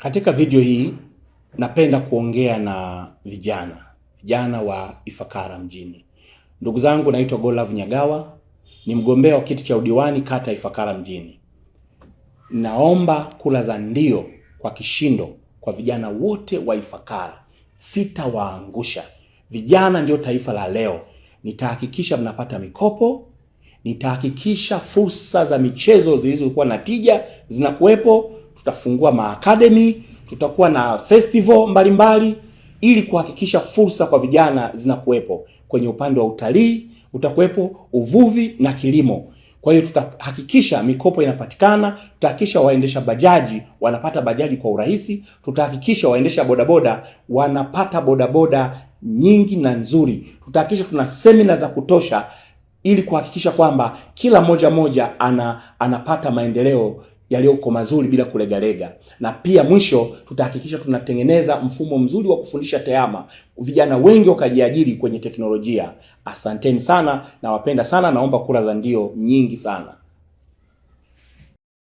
Katika video hii napenda kuongea na vijana vijana wa Ifakara mjini. Ndugu zangu, naitwa Golav Nyagawa, ni mgombea wa kiti cha udiwani kata Ifakara mjini. Naomba kula za ndio kwa kishindo kwa vijana wote wa Ifakara, sitawaangusha. Vijana ndio taifa la leo. Nitahakikisha mnapata mikopo, nitahakikisha fursa za michezo zilizokuwa na tija zinakuwepo tutafungua maakademi, tutakuwa na festival mbalimbali ili kuhakikisha fursa kwa vijana zinakuwepo. Kwenye upande wa utalii utakuwepo uvuvi na kilimo. Kwa hiyo tutahakikisha mikopo inapatikana, tutahakikisha waendesha bajaji wanapata bajaji kwa urahisi, tutahakikisha waendesha bodaboda wanapata bodaboda nyingi na nzuri, tutahakikisha tuna semina za kutosha ili kuhakikisha kwamba kila moja moja ana, anapata maendeleo yaliyoko mazuri bila kulegalega. Na pia mwisho, tutahakikisha tunatengeneza mfumo mzuri wa kufundisha tehama, vijana wengi wakajiajiri kwenye teknolojia. Asanteni sana, nawapenda sana, naomba kura za ndio nyingi sana.